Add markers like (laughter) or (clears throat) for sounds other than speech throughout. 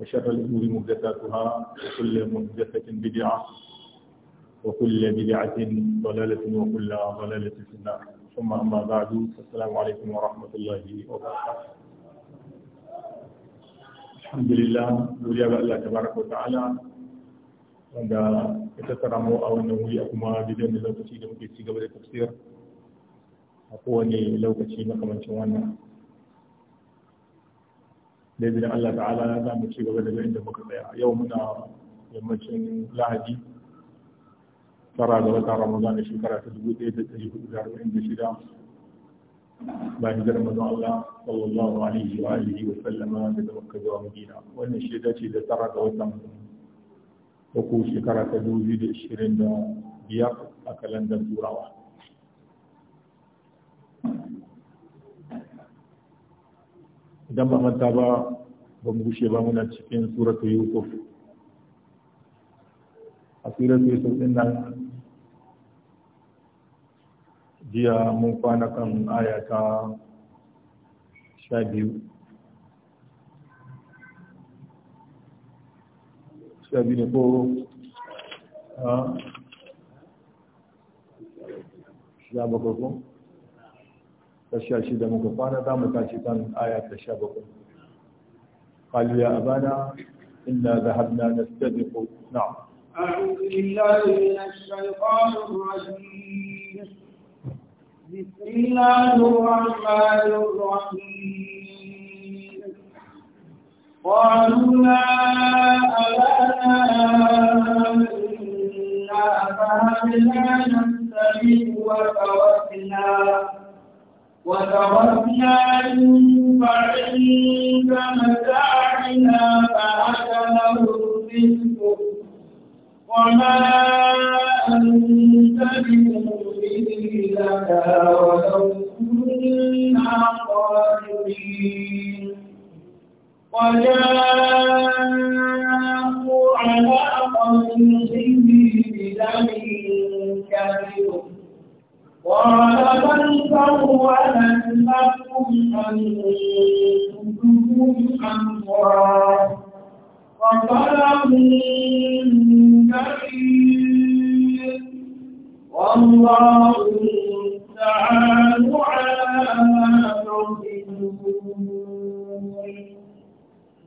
وشر الأمور محدثاتها وكل محدثة بدعة وكل بدعة ضلالة وكل ضلالة في النار ثم أما بعد السلام عليكم ورحمة الله وبركاته الحمد لله وليا الله تبارك وتعالى wanda ya أو أنه يأكما wannan لو تشيد مكيسي قبل التفسير أقواني لو muke مكما تشوانا da idan Allah ta'ala za mu ci gaba daga inda muka tsaya yau muna yammacin lahadi tara ga watan ramadan shekara ta dubu ɗaya da ɗari hudu da arba'in da shida bayan hijirar mazan Allah sallallahu alaihi wa alihi wa sallama daga Makka zuwa Madina wannan shi dace da tara ga watan uku shekara ta dubu biyu da ishirin da biyar a kalandar turawa idan ba manta ba ba mu gushe ba muna cikin suratu yusuf a suratu yusuf din nan jiya mun kwana kan aya ta sha biyu sha biyu ne ko ah, sha bakwai ko ta sha shida muka kwana za mu tashi kan aya ta sha bakwai قالوا يا أبانا إنا ذهبنا نستبق نعم أعوذ بالله من الشيطان الرجيم بسم الله الرحمن الرحيم قالوا لا أبانا إنا ذهبنا نستبق وتركنا وتركنا يوسف متاعنا فأكله الرزق وما أنت بمؤمن لك ولو كنا صادقين وجاءوا على قميصه بدم كبير قال بل سولت لكم أنفسكم أمرا فطلب كبير والله المستعان على ما تصفون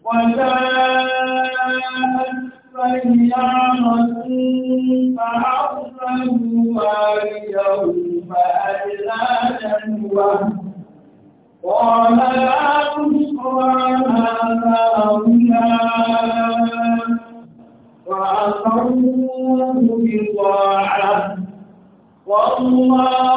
وجاءت سيامة فأرسل واليه فأدلى جنوه قال لا تشقى هذا هنا وأسروه بطاعة والله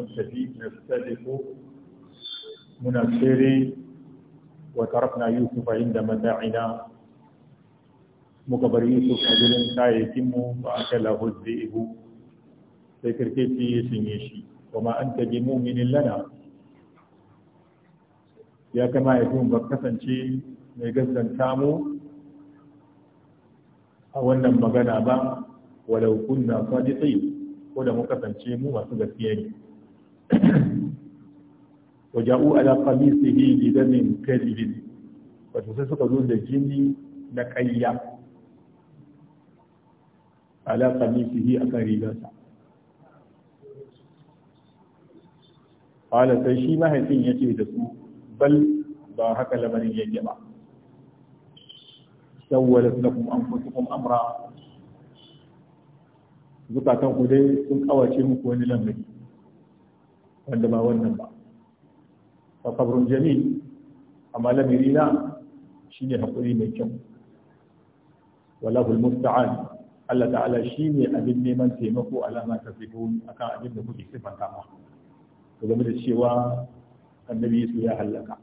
المتقي نستبق من السير وتركنا يوسف عند متاعنا مكبر يوسف أجل كايتم فأكله الذئب ذكر كيفي سنيشي وما أنت بمؤمن لنا ya kama ya ba kasance mai gaskanta mu a wannan magana ba walau kunna sadiqi ko da mu kasance mu masu gaskiya ne (coughs) wa ja'u ala qamisihi bi damin kadhib wato sai suka zo da jini na kayya ala qamisihi akan rigarsa qala sai shi mahaifin ce da su bal ba haka lamarin yake ba sawwalat lakum anfusukum amra zukatan ku dai sun kawace muku wani lamari wanda ba wannan ba wa sabrun jamil amma lamiri na shine hakuri mai kyau walahul almusta'an Allah ta'ala shine abin neman taimako alama ta a akan abin da kuke sifanta ma to game da cewa annabi su ya hallaka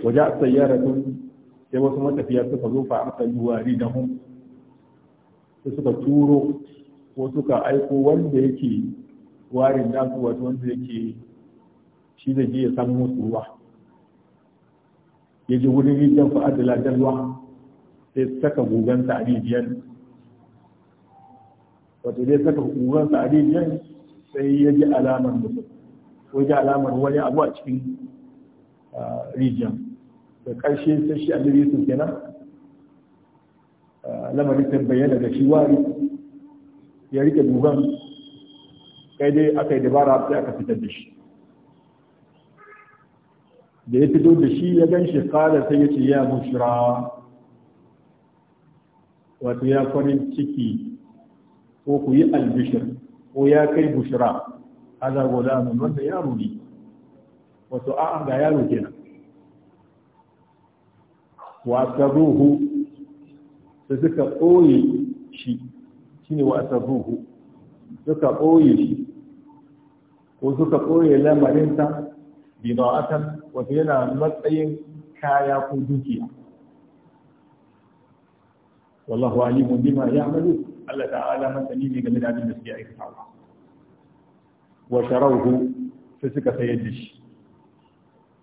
waje a tun sai wasu matafiya suka zo fa aka yi da hun sai suka turo ko suka aiko wanda yake warin nasu wato wanda yake shi zai je ya samu musu ruwa ya ji wurin rijiyar fa adala dalwa sai saka gugansa a rijiyar wato zai saka gugansa a rijiyar sai ya ji alamar musu ko ji alamar wani abu a cikin rijiyar da ƙarshe sai shi annabi yusuf kenan lamarin bayyana da shi wari ya rike gugan kai dai aka yi dabara sai aka fitar da shi da ya fito da shi ya gan shi kada sai ya ce ya bushra wato ya farin ciki ko ku yi albishir ko ya kai a haza gulamun wanda ya ne wato a'a ga yaro kenan wa asarruhu sai suka ɓoye shi shine wa asarruhu suka ɓoye shi ko suka ɓoye lamarinsa bida'atan wato yana matsayin kaya ko dukiya wallahu alimun bima malu Allah ta'ala masani ne game da abin da suke aikatawa wa sharauhu sai suka sayar da shi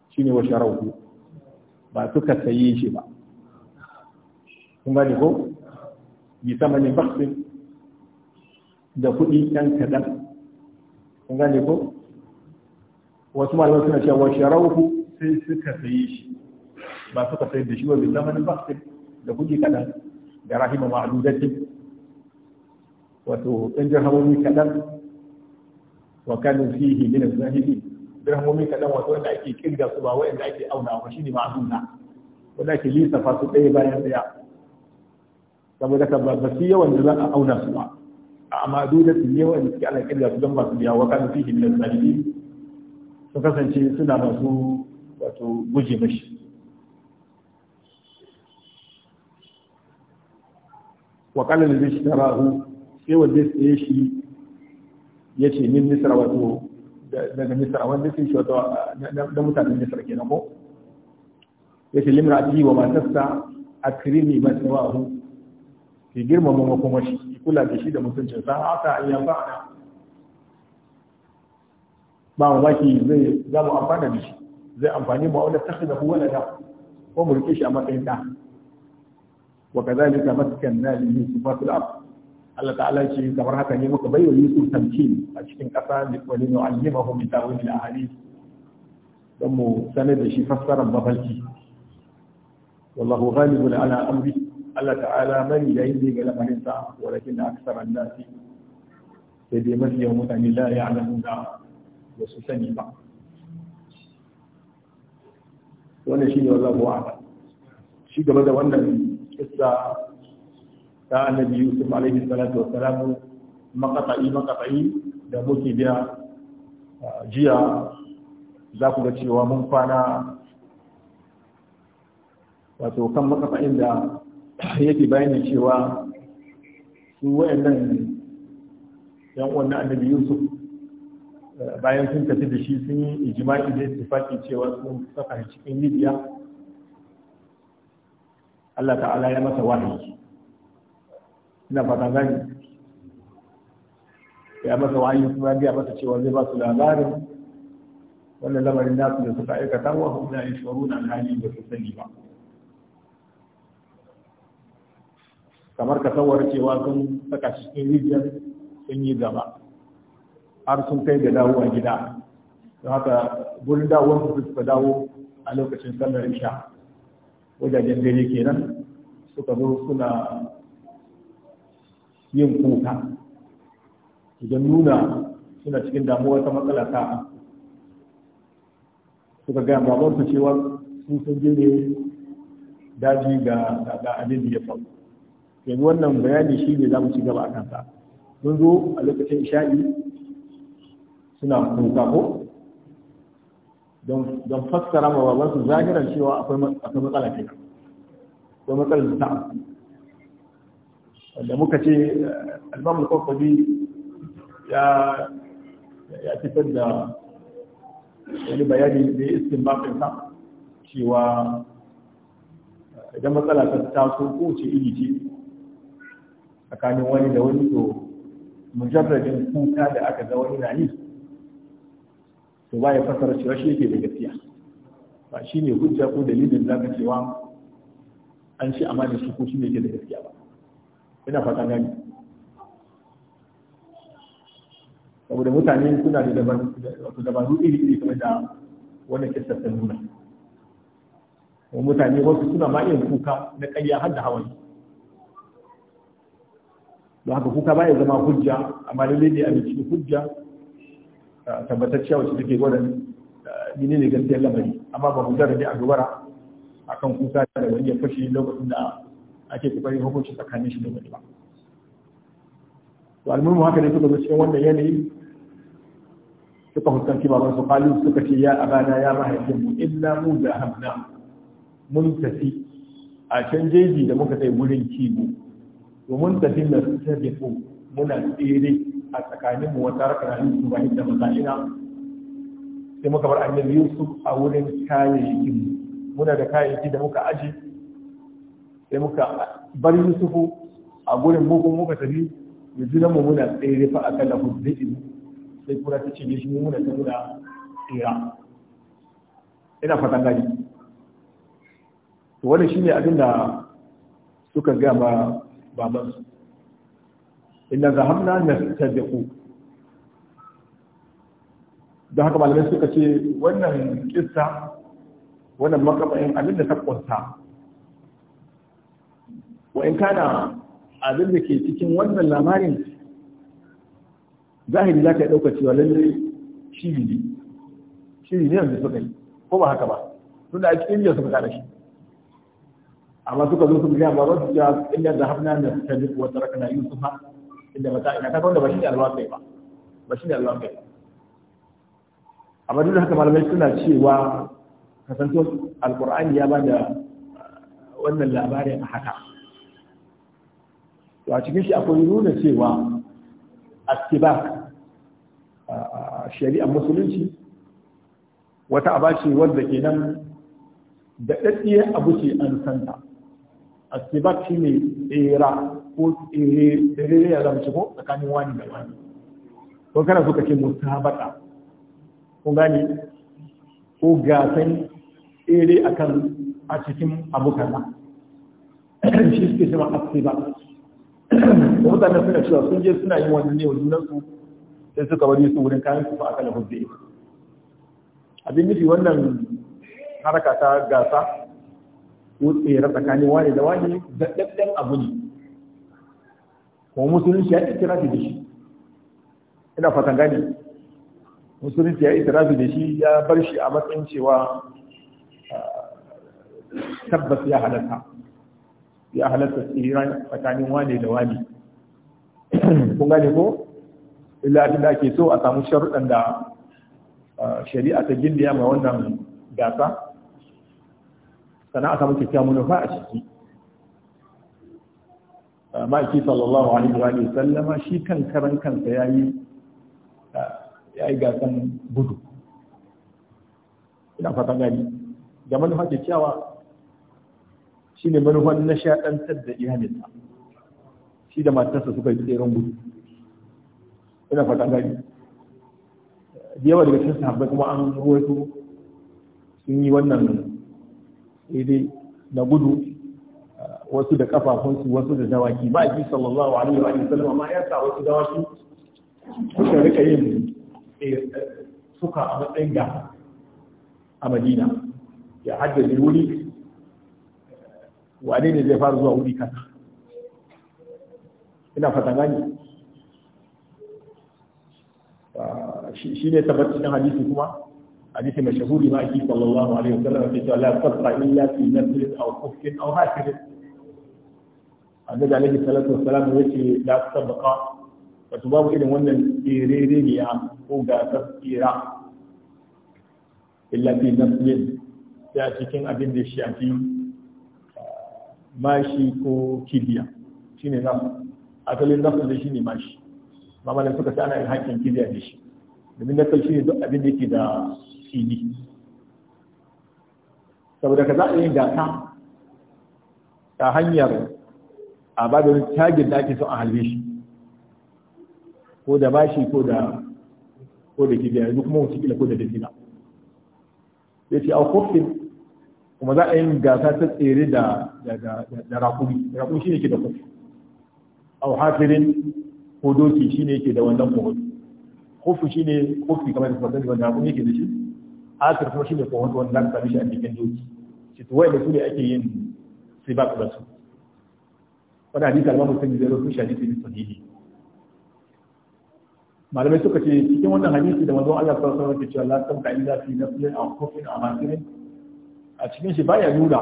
shine wa sharauhu ba suka saye shi ba kun gane ko bi ne baksin da kuɗi ɗan kaɗan kun gane ko wasu malamai suna cewa wa sharauhu sai suka sayi shi ba suka sayar da shi wa ba sai da kuɗi kaɗan da rahima ma'adudatin wato ɗan jirhamomi kaɗan wa kanin fihi min zahiri Jirhamomi kaɗan wato wanda ake kirga su ba wanda ake auna ba shine ma'aduna wanda ake lissafa su ɗaya bayan ɗaya saboda ka ba su yawan da za a auna su ba amadu da su yawa da suke alaƙar da su don masu biya wa kan fihi min zalimi su kasance suna masu wato guje mashi wa shi tara hu sai wanda ya saye shi yace min misra wato daga misra wanda sai shi wato da mutanen misra kenan ko yace ji wa kirimi ba akrimi ma tawahu ki girmama kuma shi. kula da shi da mutuncin sa haka an yanfa ana ba mamaki zai za mu amfana da shi zai amfani mu wanda tafi da huwa da ko mu rike shi a matsayin da wa kazalika maskanna li yusuf fil ard Allah ta'ala ce kamar haka ne muka bayyana Yusuf tamkin a cikin ƙasa da wani nu'allimahu min ta'wil al-ahadith don mu sanar da shi fassarar mafarki wallahu ghalibun ala amri Allah ta'ala mari yayin da ga lamarin sa walakin da aksaran nasi sai dai mafi yawan mutane la alamu da ba su sani ba wannan shi ne shine wallahu a'lam shi gaba da wannan kissa ta annabi Yusuf alaihi salatu wa salam maqata'i maqata'i da muke biya jiya za ku ga cewa mun kwana wato kan makafa'in da yake bayanin cewa su nan yan uwan annabi yusuf eh, bayan sun tafi da shi sun yi ijma'i da su faɗi cewa sun saka cikin libya Allah ta'ala ya masa wahayi ina fata gani ya masa wahayi kuma ya masa cewa zai ba su labarin wannan lamarin nasu da suka aikata wa hum la na alhali da su sani ba kamar ka sawar cewa sun saka cikin rijiyar sun yi gaba har sun kai da dawowa gida don haka gurin dawon su suka dawo a lokacin sallar isha wajajen dare kenan suka zo suna yin kuka idan nuna suna cikin damuwa ta matsala ta suka gaya babansu cewa sun sun je daji ga abin da ya faru yanzu wannan bayani shi ne za mu ci gaba a kansa mun zo a lokacin isha'i suna kuka ko don fassara ma babansu zahiran cewa akwai matsala ke akwai matsalar ta'a wanda muka ce eh, albamul kwakwabi ya ya fitar da wani bayani da ya iskin bafinsa cewa eh, idan matsala ta taso ko ce iri ce tsakanin wani da wani to mujarradin kuka da aka ga wani na yi to ba ya fasara cewa shi yake da gaskiya ba shi ne hujja ko dalilin zaka cewa an ci da shi ko shi ne yake da gaskiya ba ina fata gani saboda mutane suna da dabaru iri iri kamar da wannan kissa ta nuna mutane wasu suna ma iya kuka na ƙarya har da hawaye don haka kuka ba ya zama hujja amma lalle ne a abinci hujja tabbatacciya wacce take gwada mene ne gaskiyar lamari amma ba mu ne a a kan kuka da wani ya fashe lokacin da ake kokarin hukunci tsakanin shi da wani ba to mu haka ne suka zo cikin wannan yanayi suka fuskanci baban su kalu suka ce ya abana ya mahaifin mu illa mu da hamna mun tafi a can jeji da muka kai wurin kimo domin tafi da sarrafu muna tsere a tsakanin mu wata na hannun ba bayan da mazalina sai muka bar annabi yusuf a wurin kayayyakin muna da kayayyaki da muka aji sai muka bar yusufu a gurin mu kuma muka tafi yanzu nan mu muna tsere fa akan da hujjin sai kura ta ce shi muna ta muna tsira ina fatan gani to wannan shine abin da suka gama. ma babansu inna zahabna nastabiqu don haka malamai suka ce wannan kissa wannan makabayin abin da ta kunta wa in kana abin da ke cikin wannan lamarin zahiri za ka yi ɗauka cewa lalle shiri ne shiri ne yanzu suka yi ko ba haka ba tun da a yanzu jiya suka kada shi amma suka zo su gaya ba za su cewa inda da hafna da suka duk wata rakana yusufa inda ta ina kaga wanda ba shi ne alwaƙai ba ba shi ne alwaƙai amma duk da haka malamai suna cewa kasanto alƙur'ani ya ba da uh, wannan labarin a haka to a cikin shi akwai nuna cewa astibak uh, uh, shari'ar musulunci wata aba ce wadda kenan da ɗaɗɗiyar abu ce an santa asibat shi ne tsera ko tsere ya zama ko tsakanin wani da wani ko kana so ka ce musabaka ko gani ko gasan tsere a kan a cikin abokan kaza shi suke shi ma asibat Ko mutane suna cewa sun je suna yin wani ne nan su sai suka bari su wurin kayan su fa kan lahudde abin nufi wannan haraka ta gasa ko tsere tsakanin wani da wani daɗaɗɗen abu ne kuma musulunci ya itirafi da shi ina fatan gani musulunci ya itirafi da shi ya bar shi a matsayin cewa tabbas ya halatta ya halatta tsira tsakanin wane da wane kun gane ko illa abin da ake so a samu sharuɗan da shari'a ta gindiya mai wannan gasa sana a kyakkyawa mun manufa a ciki ah, ma'aiki sallallahu alaihi wa sallama shi kan karan kansa ah, ya yi gasan gudu ina fatan gani da manufa kyakkyawa shi ne manufan na shaɗantar da iyalinsa shi da matarsa suka yi tseren gudu ina fatan gani da yawa daga cikin sahabbai kuma an ruwaito sun yi wannan dai na gudu uh, wasu da kafafunsu wasu da dawaki ba ji sallallahu alaihi wa sallam amma ya sa wasu dawaki suka rika yin eh, eh, suka a matsayin ga a madina ya haddace wuri eh, wane ne zai fara zuwa wuri kasa ina fata gani uh, shi ne tabbacin hadisi kuma حديث مشهور لما صلى الله عليه وسلم في لا تبقى إلا في نفس أو خف أو هكذا النبي عليه الصلاة والسلام يقول لا تبقى فتباب إلى ون إيريريا فوق تفكيرا إلا في نفس نفل تأتيكين أبن الشافي ماشي كو كيبيا شيني نفل أتولي اللي شيني ماشي ما مالك سكت أنا الحاكم كيبيا ديش domin نفس shi أبن ديكي abin suke saboda ka za a yi gasa ta hanyar a wani tagin da ake son a halbe shi ko da bashi ko da ko da kibiya duk kuma wasu kila ko da dafina ya ce a kofin kuma za a yi gasa ta tsere da rakumi rakumi shi ne ke da kofi a hafirin ko doki shi ne ke da wannan kofi kofi shi ne kofi kamar da kwatanci wanda rakumi ke da shi asir kuma shi ne wani wanda za ka sami shi a cikin doki shi to wanda su ne ake yin sibak da su wani hadisi al mutum da zai shi hadisi ne sahihi malamai suka ce cikin wannan hadisi da manzon Allah sallallahu alaihi wasallam ke cewa la tamka illa fi nafsin aw khufin a masirin a cikin shi baya nuna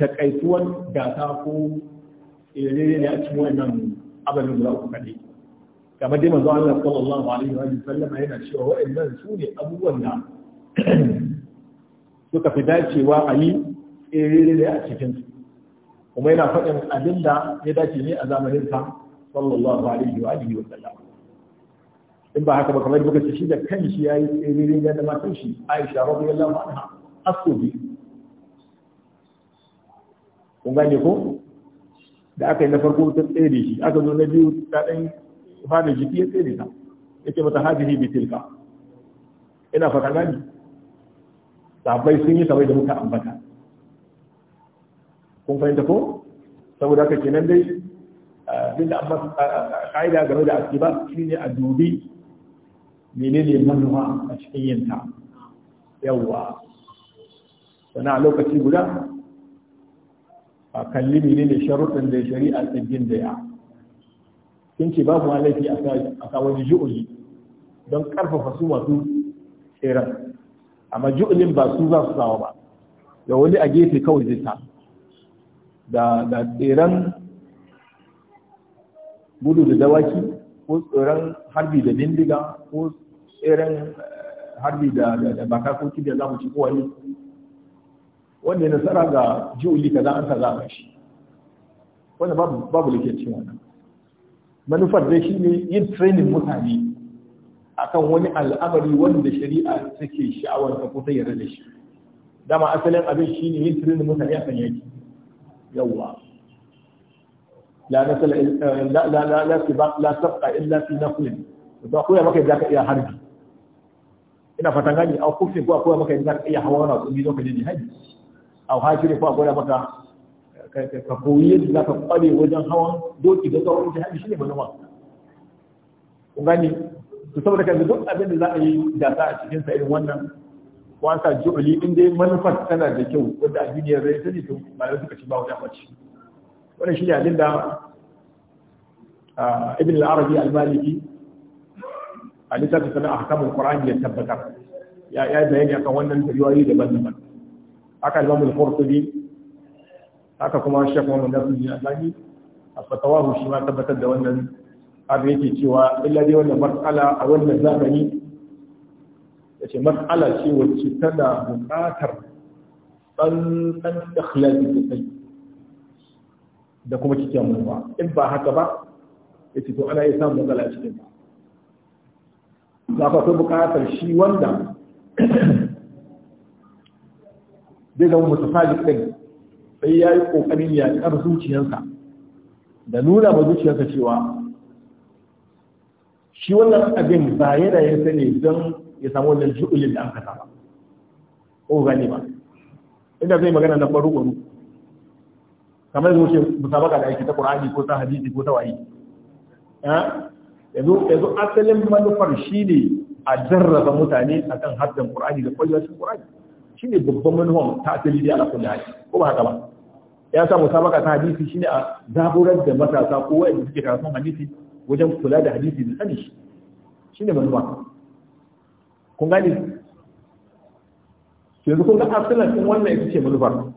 takaituwan gasa ko irere ne a cikin wannan abalin za ku kadai kamar dai manzon Allah sallallahu alaihi wasallam yana cewa wa'annan su ne abubuwan da (clears throat) suka fi dacewa a yi tsere a cikin su. kuma yana faɗin abin da ya dace ne a zamaninsa sallallahu alaihi wa alihi wa sallam in ba haka ba kamar buga shi da kanshi yayi tsere da da matan shi Aisha radiyallahu anha asubi kun gane ko da aka yi na farko ta tsere shi aka zo na biyu ta dan fara jiki ya tsere ta yace mata hadihi bitilka ina fata gani sahabbai sun yi kamar da muka ambata kun fahimta ko saboda haka kenan dai abin da amma ka'ida game da asiba shine a dubi menene manuwa a cikin yinta yawwa sana lokaci guda a kalli menene sharuɗin da shari'a tsagin da ya kin ce babu ma laifi a kawo wani don ƙarfafa su masu tseren amma ju'ulin ba su za su sawa ba da wani a gefe kawai zai sa da tseren gudu da dawaki ko tseren harbi da bindiga ko tseren eh, harbi da da baka ko kibiyar za mu ci ko wani wanda ya nasara ga ka za an kaza zaɓa shi wanda babu babu cewa nan manufar shi ne yin training mutane akan wani al'amari wanda shari'a take sha'awar ta ko ta yarda da shi dama asalin abin shine yin tunanin mutane akan yaki yawa la nasala la la la la sibaq la sabqa illa fi naql to akwai maka zaka iya harbi ina fatan gani au kufi ko akwai maka da iya hawa na tsumi lokacin jihadi au hajiri ko akwai maka ka koyi yadda kware wajen hawan doki da tsawon jihadi shine manoma kun to saboda kaga duk abin da za a yi gasa a cikin sa irin wannan wasa ju'uli in dai manufar tana da kyau wanda a duniyar rai ta ne to malamai suka ci ba wata mace wannan shi ne abin da ibn al-arabi al-maliki a littafin sana ahkamul qur'ani ya tabbatar ya ya bayani akan wannan riwayoyi daban-daban haka al-imam al-qurtubi haka kuma shaykh Muhammad Nasruddin a albani a fatawahu shi ma tabbatar da wannan abin yake cewa illa dai wannan matsala a wannan zamani ya ce matsala ce wacce tana buƙatar tsantsan ikhlasi sosai da kuma cikin ba, in ba haka ba ya ce to ana yi samun matsala cikin ba ba ta buƙatar shi wanda (clears throat) zai zama mutasalik ɗin sai ya yi ƙoƙarin yaƙar zuciyarsa da nuna ba zuciyarsa cewa shi wannan abin ba yana yin sani don ya samu wannan ju'ulin da an kasa ba, ko gani ba inda zai magana na faru kwanu kamar yanzu ce musabaka da ake ta ƙura'ani ko ta hadisi ko ta wayi yanzu yanzu asalin manufar shine a jarraba mutane akan haddan ƙura'ani da ƙura'ani. shi ne babban manufar ta asali da alƙul ko ba haka ba ya sa musabaka ta hadisi shi ne a zaburar da matasa ko wanda suke karatun hadisi wajen kula da hadisi da tsani shi ne manufa kun gane yanzu kun ga asalan din wannan ita ce manuwa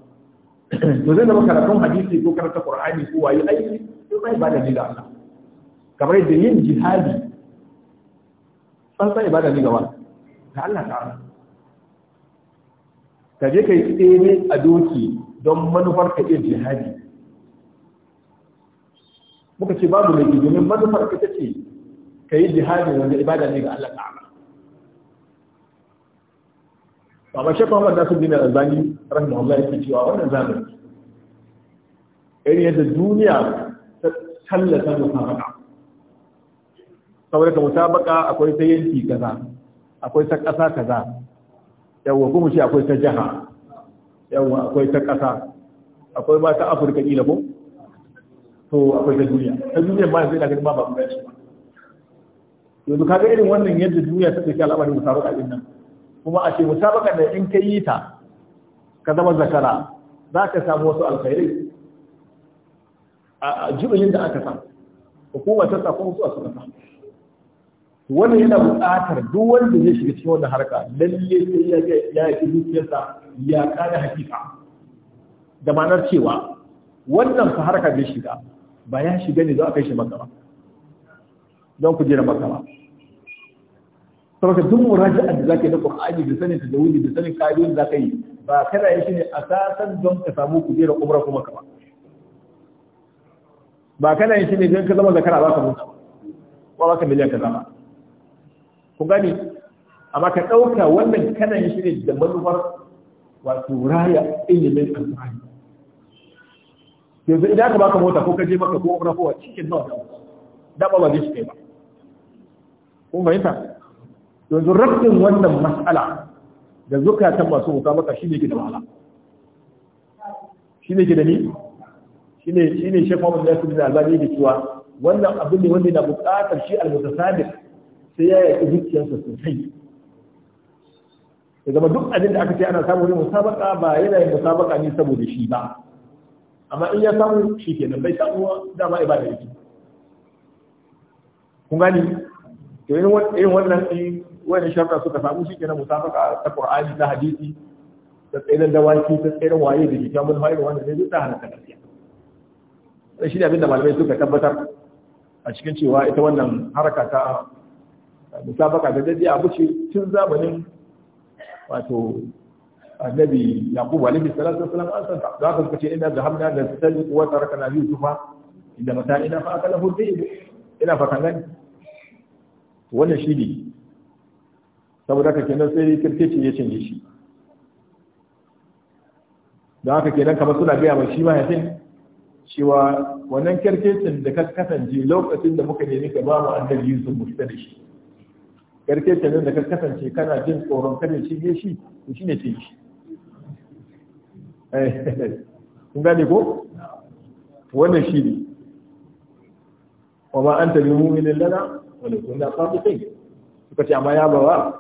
to zai zama karatun hadisi ko karatun qur'ani ko wayi aiki to sai ba da ni da Allah kamar yadda yin jihadi tsantsan ibada ne gaba da Allah ta'ala ka je kai tsere a doki don manufar ka iya jihadi muka ce babu laifi domin manufar ita ce ka yi jihadi wanda ibada ne ga Allah ta'ala Baba Shekwa Muhammad Nasir Dina Albani ya yake cewa wannan zamani irin yadda duniya ta tallata musabaka saboda ka musabaka akwai ta yanki kaza akwai ta ƙasa kaza yawwa kuma shi akwai ta jiha yawwa akwai ta ƙasa akwai ba ta Afirka kila ko to akwai ta duniya ta duniya ma yanzu ina ganin ma ba guda ce yanzu kaga irin wannan yadda duniya ta take al'amarin musabaka din nan kuma a ce musabaka da in ka yi ta ka zama zakara za ka samu wasu alkhairai a jibin da aka samu hukuma ta sakon su a suka samu wannan yana buƙatar duk wanda zai shiga cikin wannan harka lalle sai ya ga ya yi zuciyarsa ya kada hakika da ma'anar cewa wannan fa harka bai shiga ba ya shiga ne za a kai shi maka ba don ku jira maka ba saboda duk a da zaka yi na Qur'ani da sanin tajawidi da sanin kariyar da zaka yi ba kada yi a sasan don ka samu kujerar umra kuma ka ba ba kana shi ne don ka zama zakara za ka mutu ba ba ka miliyan ka zama ku gani amma ka ɗauka wannan kana shi ne da manufar wato raya ilimin alƙur'ani yanzu idan ka baka mota ko ka je maka ko na kowa cikin nawa da ba ba zai shi ba kun fahimta yanzu rabbin wannan mas'ala da ta masu wuka maka ne ke da wahala ne ke da ni shi ne shine shekwa mun da su da zabi da cewa wannan abin ne wanda yana buƙatar shi al-mutasabiq sai ya yi zuciyarsa sosai Daga zama duk abin da aka ce ana samu ne musabaka ba yana yin musabaka ne saboda shi ba amma in ya samu shi ke nan bai samu dama ibada yake kun gani to irin wannan in wani sharta suka samu shi ke kenan musafaka ta qur'ani ta hadisi ta tsaidan dawaki ta tsaidan waye da jikin mun fa'ida da zai zuta halaka gaskiya sai shi ne abinda malamai suka tabbatar a cikin cewa ita wannan haraka ta musabaka da daidai abu ce tun zamanin wato annabi yaqub alayhi salatu wassalam an san za ka kace da hamda da sani wa tarakna yusufa inda mata ina fa akala hudayb ina fa kan wannan shi ne saboda haka kenan sai kirkeci ya canje shi da haka kenan kamar suna gaya mai shi ma yasin cewa wannan kirkecin da ka kasance lokacin da muka nemi ka ba mu annabi Yusuf mu da shi kirkecin da ka kasance kana jin tsoron kada shi ne shi to shine ce shi Eh, kun gane ko wannan shi ne wa ma anta bi mu'minin lana wa la kunna qadiqin suka ce amma ya bawa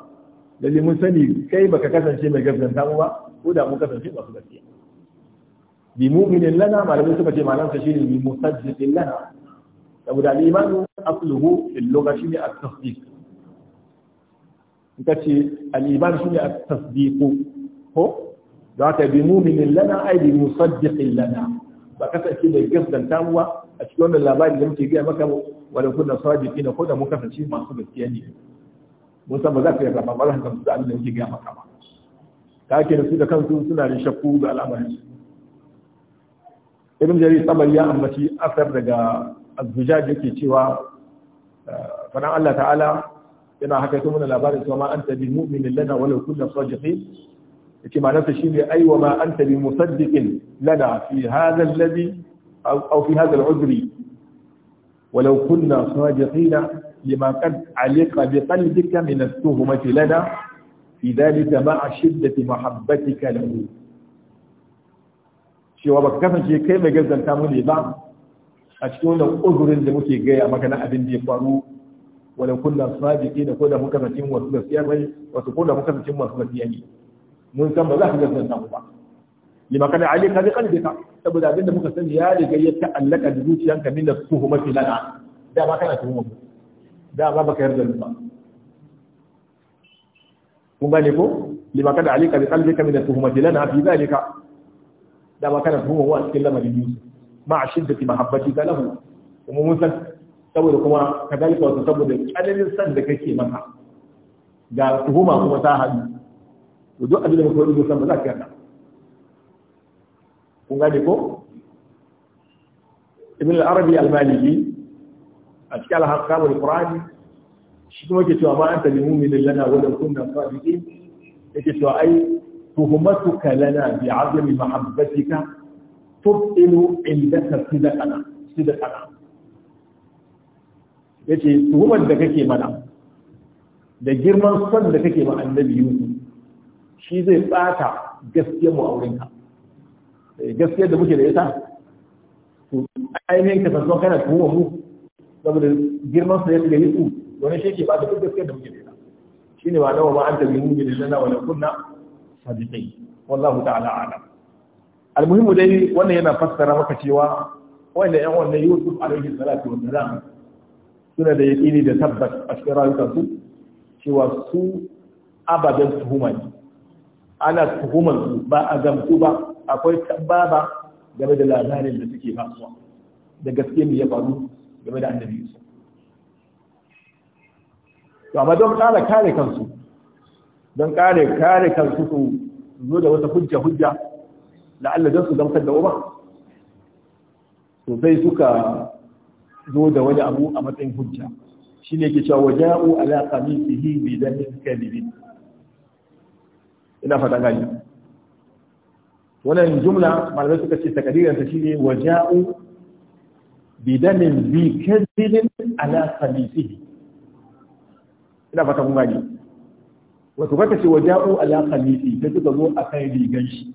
lalle mun sani kai baka kasance mai gaskanta mu ba ko da mun kasance masu gaskiya bi mu'minin lana malamai suka ce malam sa shine bi musaddiqin lana saboda al-imanu asluhu fil lughati ne at-tasdiq kace al-iman shine at-tasdiq ko za ka bi muminin lana ai bi musaddiqin lana ba kasance mai gaskanta mu ba a cikin wannan labari da muke gaya maka wala kunna sadiqina ko da mu kasance masu gaskiya ne mun san ba za ka yarda ba ba za ka san abin da muke gaya maka ba ka ke da su da kansu suna da shakku ga al'amarin ibn jarir tabari ya ambaci asar daga az-zujaj yake cewa ah, fadan Allah ta'ala yana haka to mana labarin cewa ma anta bi mu'minin lana walau kunna sadiqin yake ma'anarsa shi ne ai wa ma anta bi musaddiqin lana fi hadha alladhi aw fi hadha al'udri ولو كنا صادقين لما قد علق بقلبك من التهمة لنا في ذلك مع شدة محبتك له cewa ba ka kasance kai mai gazzanta mu ne ba a cikin wannan uzurin da muke gaya maka na abin da ya faru wala kullum sadiqi da ko da muka kasance masu gaskiya ne wasu ko da muka kasance masu gaskiya ne mun san ba za ka gaskata samu ba maka ne ali ka kan ka. saboda abinda muka sani ya riga ya ta'allaka da zuciyanka min da tuhumati lana da ba kana tuhuma mu da ba baka yarda ba kun gane ko lima kana ali ka bi qalbika min tuhumati lana fi zalika da ba kana tuhuma wa cikin lamarin Yusuf ma a shiddati mahabbatika lahu kuma mun san saboda kuma kadalika wato saboda tsananin san da kake maka ga tuhuma kuma ta hannu to duk abin da muka wani san ba za ka yarda kun gane ko ibn al-arabi al-maliki a cikin al-hakamul qur'ani shi kuma yake cewa ma anta bi mu'minin lana wa lam kunna sadiqin yake cewa ai tuhumatuka lana bi 'azmi mahabbatika tubtilu indaka sidqana sidqana yace tuhumar da kake mana da girman son da kake ma annabi Yusuf shi zai ɓata gaskiyar mu a wurinka eh, gaskiyar da muke da ita to ainihin ka sassan kana tuwo mu saboda girman sa ya yi su wani shi ke ba duk gaskiyar da muke da ita shi ne ba nawa ba an tabi mu ne lana wani kunna sadiqai wallahu ta'ala alam almuhimmu dai wannan yana fassara maka cewa wanda ƴan wannan Yusuf alaihi salatu wa salam suna da yaƙini da tabbas a cikin rayukansu cewa su ababen tuhuma ne ana tuhumar su ba a gamsu ba akwai tabbaba game da labarin da suke basuwa da gaske mai ya faru game da annabi Yusuf to amma don kare kare kansu don kare kare kansu su zo da wata hujja hujja Allah don su gamsar da uba to sai suka zo da wani abu a matsayin hujja shine yake cewa waja'u ala qamisihi bi damin ina fata gani wannan jumla malamai suka ce takadirin ta shine waja'u bidamin bi kadhibin ala khabithihi ina fata kun gani wato baka ce waja'u ala khabithihi sai suka zo akan rigan shi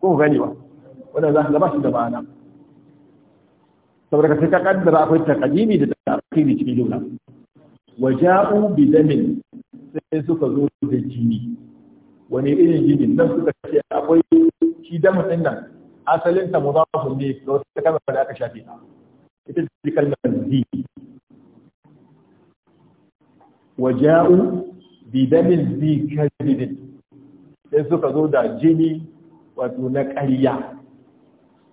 ko gani ba wannan za ka ba shi da ma'ana saboda ka sai ka kaddara akwai takadimi da takadimi cikin jumla waja'u bidamin sai suka zo da jini wani irin gini nan suka ce akwai shi da din nan asalin ta mudafun ne ga wasu kalmar da aka shafe ta ita ce kalmar zi waja'u bi damin zi kadidin sai suka zo da jini wato na ƙarya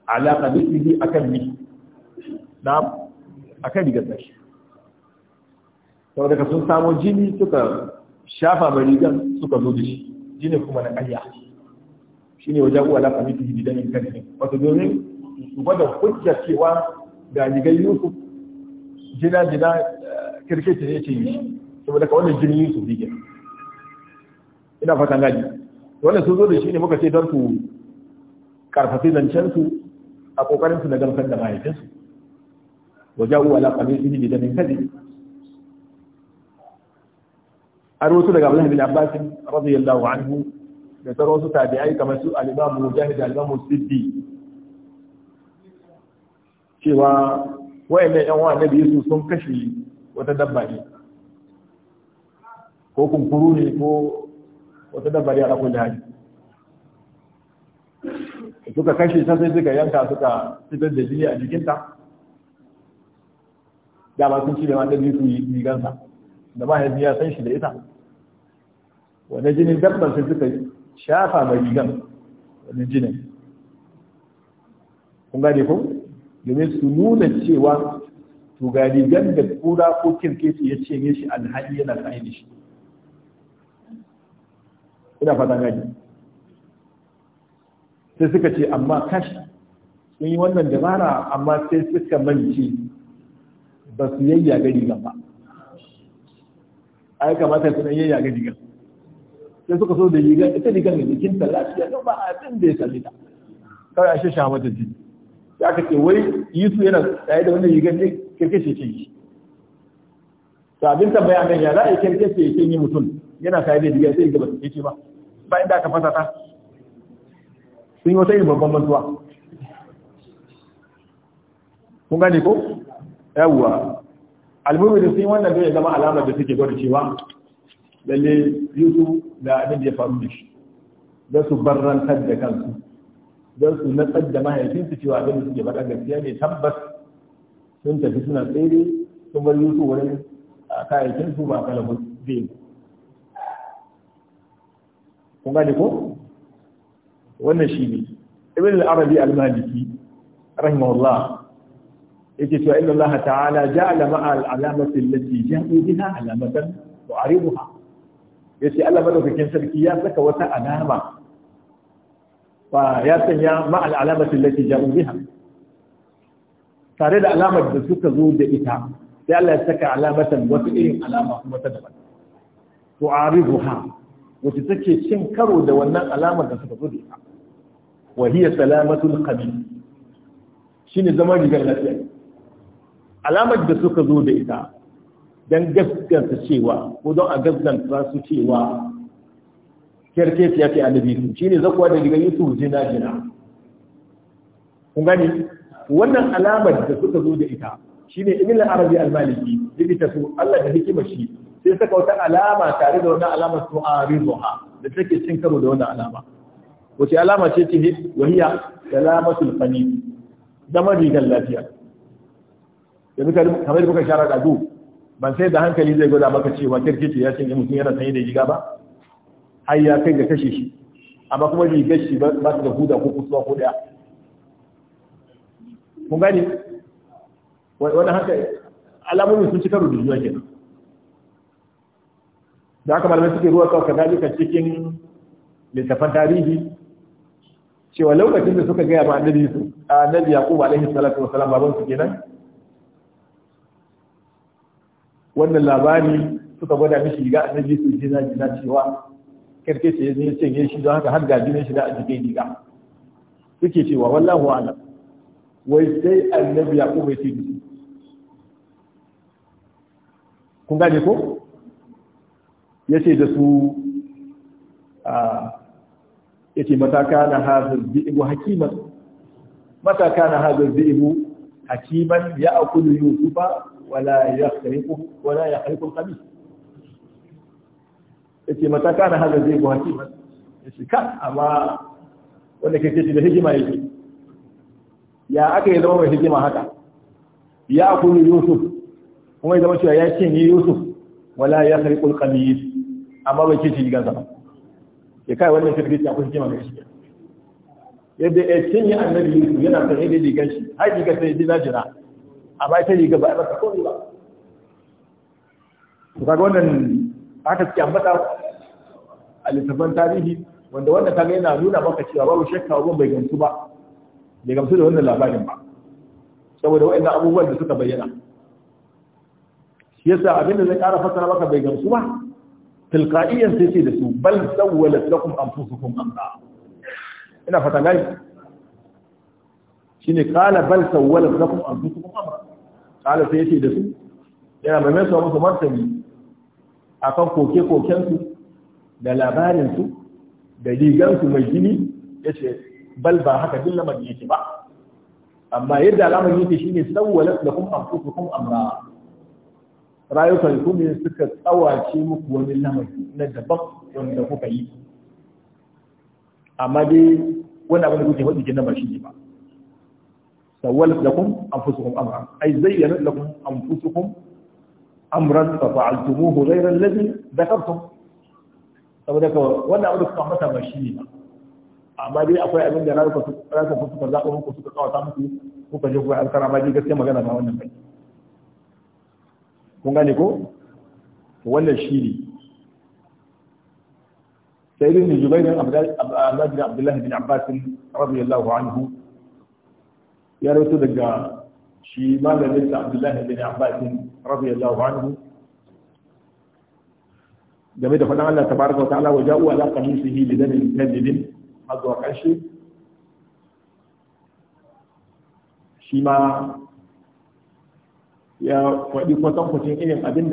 alaƙa da yi akan ni na akan rigar tashi sau daga sun samo jini suka shafa mai rigar suka zo da shi Jini kuma na ƙarya ne wajen uwa la kamiti bidan in kare wato domin gwada hujja cewa ga ligar Yusuf jina jina eh, kirkeci ne ce yi saboda ka wannan jini Yusuf ne ina fata gani wannan sun zo da shi ne muka ce don su karfafi zancensu a kokarin su na gamsar da mahaifinsu wajen uwa la kamiti bidan in kare arwatu wasu daga Abdullahi bin Abbas radiyallahu anhu da tsaro wasu tabi'ai kamar su al-Imam Mujahid al-Imam Siddi cewa wayannan yan wa Nabi Yusuf sun kashe wata dabba ne ko kunkuru ne ko wata dabba ne a rakun da hali suka kashe ta sai suka yanka suka fitar da jini a jikinta dama sun cire ma Annabi Yusuf rigansa da ba ya san shi da ita wani jinin dabban sai suka shafa mai rigan wani jinin kun gane ko domin su nuna cewa to ga rigan da kura ko su ya ce ne shi Alhaji yana tsaye da shi ina fata gani sai suka ce amma kashi sun yi wannan dabara amma sai suka manci ba su yayya ga rigan ba ai kamata su yayya ga rigan sai suka so da riga ita rigar da jikin ta lafiya don ba abin da ya sami ta kawai ashe sha mata jini ya kace ce wai yusu yana tsaye da wannan rigar ne kirkishe ce yi to abin ta nan ya za a yi kirkishe ya yi mutum yana tsaye da rigar sai ga ba su ce ba ba inda aka fasa ta sun yi wata yin babban mantuwa kun gane ko yawwa albumin da sun yi wannan bai zama alamar da suke gwada cewa lalle yusuf da abin da ya faru da shi don su barrantar da kansu don su natsar da mahaifinsu cewa abin da suke faɗa gaskiya ne tabbas sun tafi suna tsere sun bar yusuf wurin kayayyakinsu ba kalamun zai kun gane ko wannan shi ne ibn al-arabi al-maliki rahimahullah yake cewa inna allaha ta'ala ja'ala ma'a al-alamati allati ja'a biha alamatan wa aribuha ya ce Allah madaukakin sarki ya saka wata alama ba ya sanya ma'al alamatin lati ja'u biha tare da alamar da suka zo da ita sai Allah ya saka alamatan wata irin alama kuma ta daban tu'aribuha wace take cin karo da wannan alamar da suka zo da ita wa hiya salamatul qabil shine zaman rigar lafiya alamar da suka zo da ita don gaskanta cewa ko don a gaskanta su cewa kyarkeci ya ce annabi su shine zakwa da daga yusuf zina-gina. kun gani wannan alamar da suka zo da ita shi ne al-arabi al-maliki yake su Allah da hikimar shi sai saka wata alama tare da wannan alamar su a rizuha da take cin karo da wannan alama wace alama ce ce wahiya salamatul fani zama rigar lafiya yanzu kamar da kuka shara da duk ban sai da hankali zai gwada maka cewa kirkici ya cinye mutum yana sanye da riga ba har ya kai ga kashe shi amma kuma rigar gashi ba su da huda ko kusurwa ko daya kun gani wani haka alamomin sun ci karo da ke kenan da aka malamai suke ruwa kawai kadalika cikin littafan tarihi cewa lokacin da suka gaya ma annabi su annabi yaqub alaihi salatu wasalam baban kenan wannan labari suka gwada mishi riga annabi su jina jina cewa karke ce ne ne shi don haka har ga jinin shi da a jikin riga suke cewa wallahu a'lam wai sai annabi ya kuma ce kun gane ko ya ce da su a ah, yace mataka na hazir bi'u hakiman mataka na hazir bi'u hakiman ya akulu yusufa wala ولا يخرق الخبيث al-khabith كان هذا kana hada zai go wanda kake ce da yake ya aka yi zama mai hikima haka ya akulu yusuf kuma ya zama cewa ya ce ni yusuf wala ya amma bai ce shi ba kai wannan shi yadda ya cinye annabi yusuf yana sanye da rigar shi har rigar sai jina jira a bai ta riga ba a masa kawai ba to kaga wannan haka suke ambata a littafan tarihi wanda wannan kaga yana nuna maka cewa babu shakka abun bai gamsu ba bai gamsu da wannan labarin ba saboda waɗannan abubuwan da suka bayyana shi yasa abin da zai ƙara fasara maka bai gamsu ba tilqa'iyan sai ce da su bal sawwalat lakum anfusukum amra ina fata gani shine kala bal sawwalat lakum anfusukum amra kala sai yace da su yana mai mesa musu martani akan koke koken su da labarin su da rigan su mai jini yace bal ba haka din lamarin yake ba amma yadda alamar yake shine sawwalat lakum anfusukum amra rayukan ku ne suka tsawace muku wani lamari na daban wanda kuka yi amma dai wani abin da kuke faɗi kenan ba shi ne ba sawwalat lakum anfusukum amran ay zayyanat lakum anfusukum amran fa fa'altumuhu ghayra alladhi dhakartum saboda ka wannan abin da kuka mata ba shi ne ba amma dai akwai abin da rayuka su rayuka ku suka zaɓa muku suka kawata muku kuka je ku alkara ma dai gaskiya magana ba wannan bai kun gane ko wannan shi ne سيدنا جبير عبد الله بن عباس رضي الله عنه يا ريت دقا شي ما لبس عبد الله بن عباس رضي الله عنه جميع دفن الله تبارك وتعالى وجاءوا على قميصه بدم كذب هذا وقعش شي ما يا فدي كنتم كنتم ابن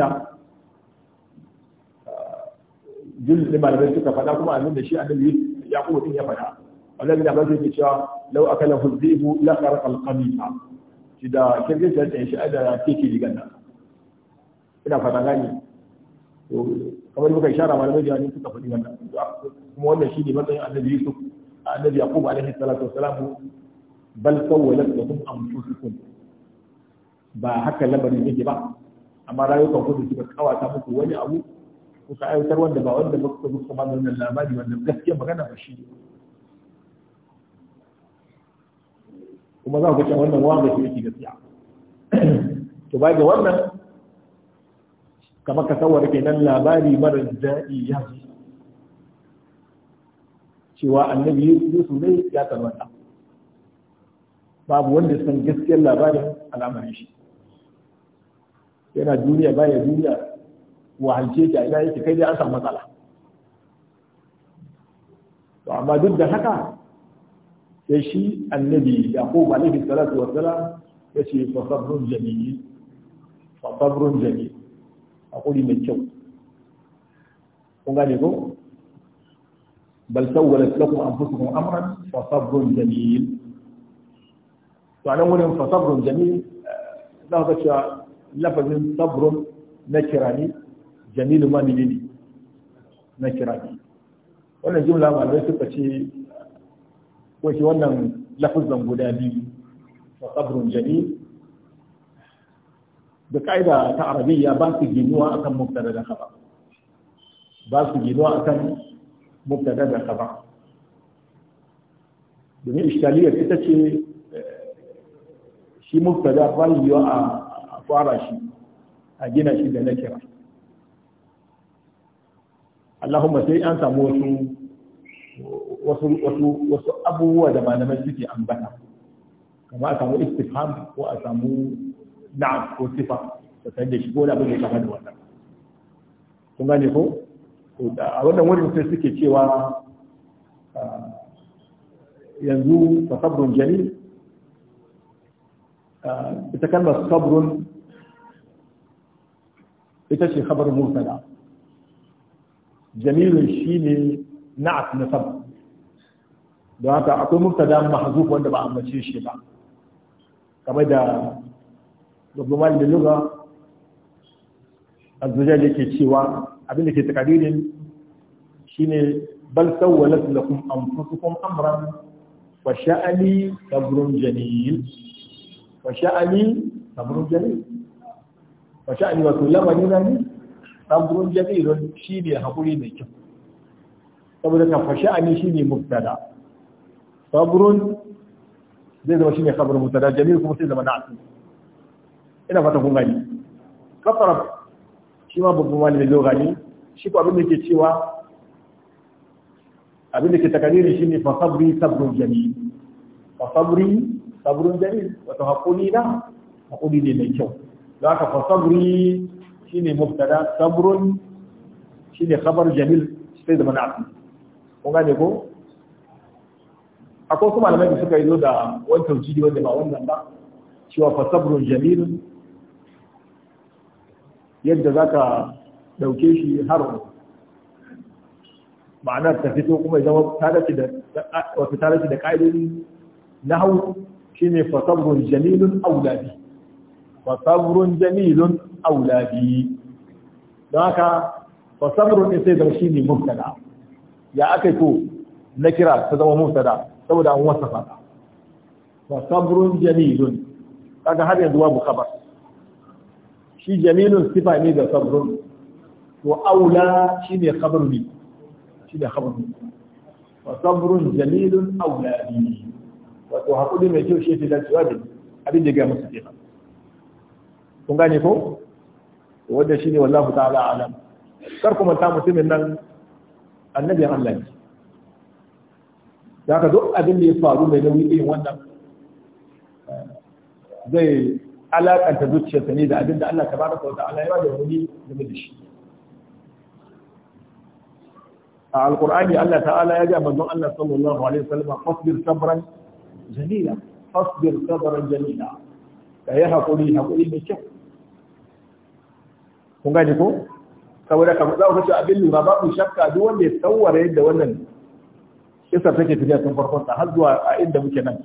jin da malamai suka faɗa kuma abin da shi annabi ya kuma din ya faɗa wannan da bazai ke cewa law akala hudibu la qarqa al-qamisa shi da kirgin da ta shi da keke digan nan ina faɗa gani to kamar muka ishara malamai da ne suka faɗi wannan kuma wannan shi ne matsayin annabi Yusuf annabi Yaqub alaihi salatu wassalam bal sawwalat lakum anfusukum ba haka lamarin yake ba amma rayukan ku suka kawata muku wani abu kuka aiwatar wanda ba wanda ba kuka muku mana wannan labari wannan gaskiya magana ba shi kuma za ku ce wannan wanda shi yake gaskiya (clears throat) to bai ga wannan kamar ka sawar kenan labari mara daɗi ya cewa annabi Yusuf ne ya tarwata babu wanda san gaskiyar labarin al'amarin shi yana duniya baya duniya wahalce ki a ina yake kai dai an samu matsala to amma duk da haka sai shi annabi ko yaqub alaihi salatu wassalam ya ce fa sabrun jamil fa sabrun jamil hakuri mai kyau kun gane ko bal sawwalat lakum anfusukum amran fa sabrun jamil to anan wurin fa sabrun jamil eh, za ka cewa lafazin sabrun na kirani jamilu ma ne na kirani wannan jumla malamai suka ce shi wannan lafazan guda biyu wa qabrun jamil da ka'ida ta arabiyya ba su ginuwa akan mubtada da khabar ba su ginuwa akan mubtada da khabar domin ishtaliyar ita ce shi mubtada ba yiwa a fara shi a gina shi da nakira Allahumma sai an samu wasu wasu wasu wasu abubuwa da malamai suke ambata kamar a samu istifham ko a samu na'am ko sifa ko sai da shi ko da abin da ya kama da wannan kun gane ko a wannan wurin sai suke cewa yanzu fa sabrun jalil ita kalmar sabrun ita ce khabar mursala jamilun ne na nasab don haka akwai mubtada mahzuf wanda ba mace shi ba kamar da rubman da lugha da ke cewa abinda da ke takadirin ne bal sawwalat lakum anfusukum amuran wa sha'ani sabrun jamil wa sha'ani sabrun jamil wa wato wa na ne. sabrun shi shine hakuri mai kyau saboda kan fashi shi shine mubtada ɗangurin zai zama shine khabar mubtada jamil kuma sai zama asu ina fata kun gani kasara shi ma babban wani da gani shi ko abin da ke cewa abin da ke takariri shine ne fasabri sabrun jamil fasabri sabri sabrun jamil wato hakuri na haƙuri ne mai kyau da aka fa shine mubtada sabrun shine khabar jamil sai da mana'at kun gane ko akwai kuma malamai da suka yi zo da wani tauhidi wanda ba wannan ba cewa fa sabrun jamil yadda zaka dauke shi har ma'ana ta fito kuma zama ta dace da wato ta dace da ka'idodi na hau shine fa sabrun jamilun aulabi wa sabrun jamilun aulabi don haka fa sabrun sai zama shi ne mubtada ya aka ko na kira ta zama mubtada saboda an wasafa ta wa sabrun jamilun kaga har yanzu babu khabar shi jamilun sifa ne da sabrun to aula shine khabar bi shine khabar bi wa sabrun jamilun aula bi wato hakuri mai kyau shi ya fi ne da jawabi abin da ga musu kenan kun gane ko wanda shi ne wallahu ta'ala alam kar kuma ta mutumin nan annabi Allah ne zaka duk abin da ya faru mai nauyi irin wannan eh, zai alakanta zuciyarsa ne da abin da Allah tabaraka wa ta'ala ya bada wani game da shi a alqur'ani Allah ta'ala ya ga manzon Allah sallallahu alaihi wasallam fasbir sabran jamila fasbir sabran jamila kai hakuri hakuri mai kyau kun gaji ko saboda kamar za ku ce abin lura babu shakka duk wanda ya tsawara yadda wannan kisar take tafiya tun farkon ta har zuwa a inda muke nan